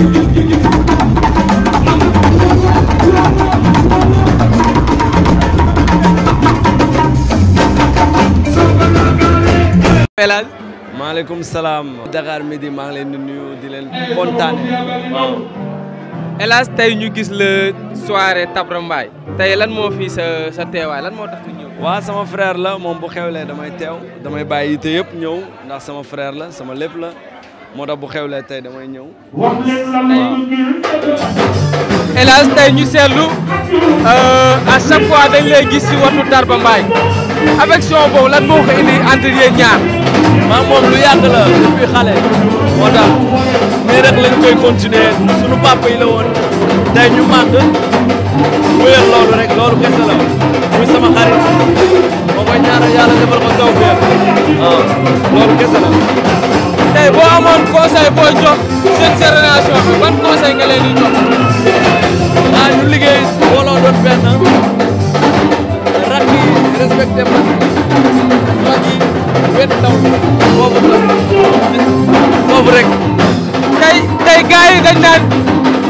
Elaj maaleykum salaam Dakar Midi maa ngi leen di nuyu di leen kontaane waaw tey ñu gis la soirée Tabra tey lan moo fi sa sa teewaay lan moo tax ñëw waaw sama frère la moom bu xewlee damay teew damay bàyyi yite yëpp ñëw ndax sama frère la sama lépp la moo tax bu xewlee tey damay ñëw. waaw tey ñu seetlu euh, à chaque fois dañ lay gis si watu Tarba Mbaye affection boobu lan moo ko indi entre ñaar. maa moom lu yàgg la depuis xale. moo tax nii rek lañ koy continuer sunu papa yi la woon tey ñu màgg mu yor loolu rek loolu kese la muy sama xarit moo koy ñaanal yàlla defal ko taw bi loolu kese la. tey boo amoon conseil booy jox seen génération bi ban conseil nga leen di jox ah ñu liggéey booloo doon benn rakk yi respecté man mag yi wet ndaw boobu la boobu rek tey tey gars yi dañ naan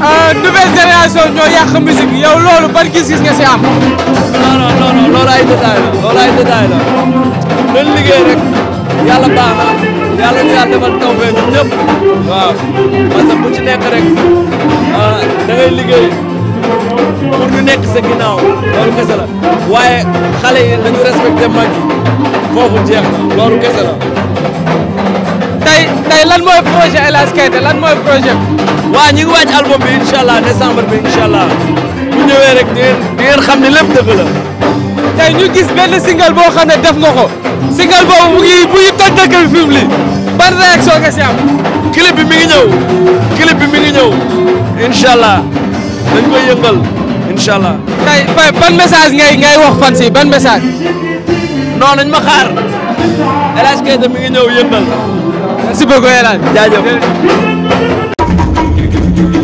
euh, nouvelle génération ñoo yàq musique yow loolu ban gis-gis nga si am non non non non loolu ay détail la loolu ay détail la dañ liggéey rek yàlla baax na yàlla ñu yàlla defal taw fee ñun ñëpp waaw parce que bu rek ah, da liggéey pour ñu nekk sa ginnaaw kese la waaye xale yi nañu respecté mag foofu jeex na kese la. tey tey lan mooy projet El Hadj Keita lan mooy projet waa ñu waaj album bi incha allah bi incha allah ñëwee rek di ngeen xam ne lépp dëgg tey ñu gis benn single boo xam ne def nga single boobu mu ngi mu ngi toj dëkk bi film li ban réaction nga si am. mi ngi ñëw clip bi mi ngi ñëw incha allah dañ koy yëngal ban message ngay ngay wax ban message. non ma xaar El Hadj Keita mi ngi ñëw yëngal. merci beaucoup El Hadj jaajëf.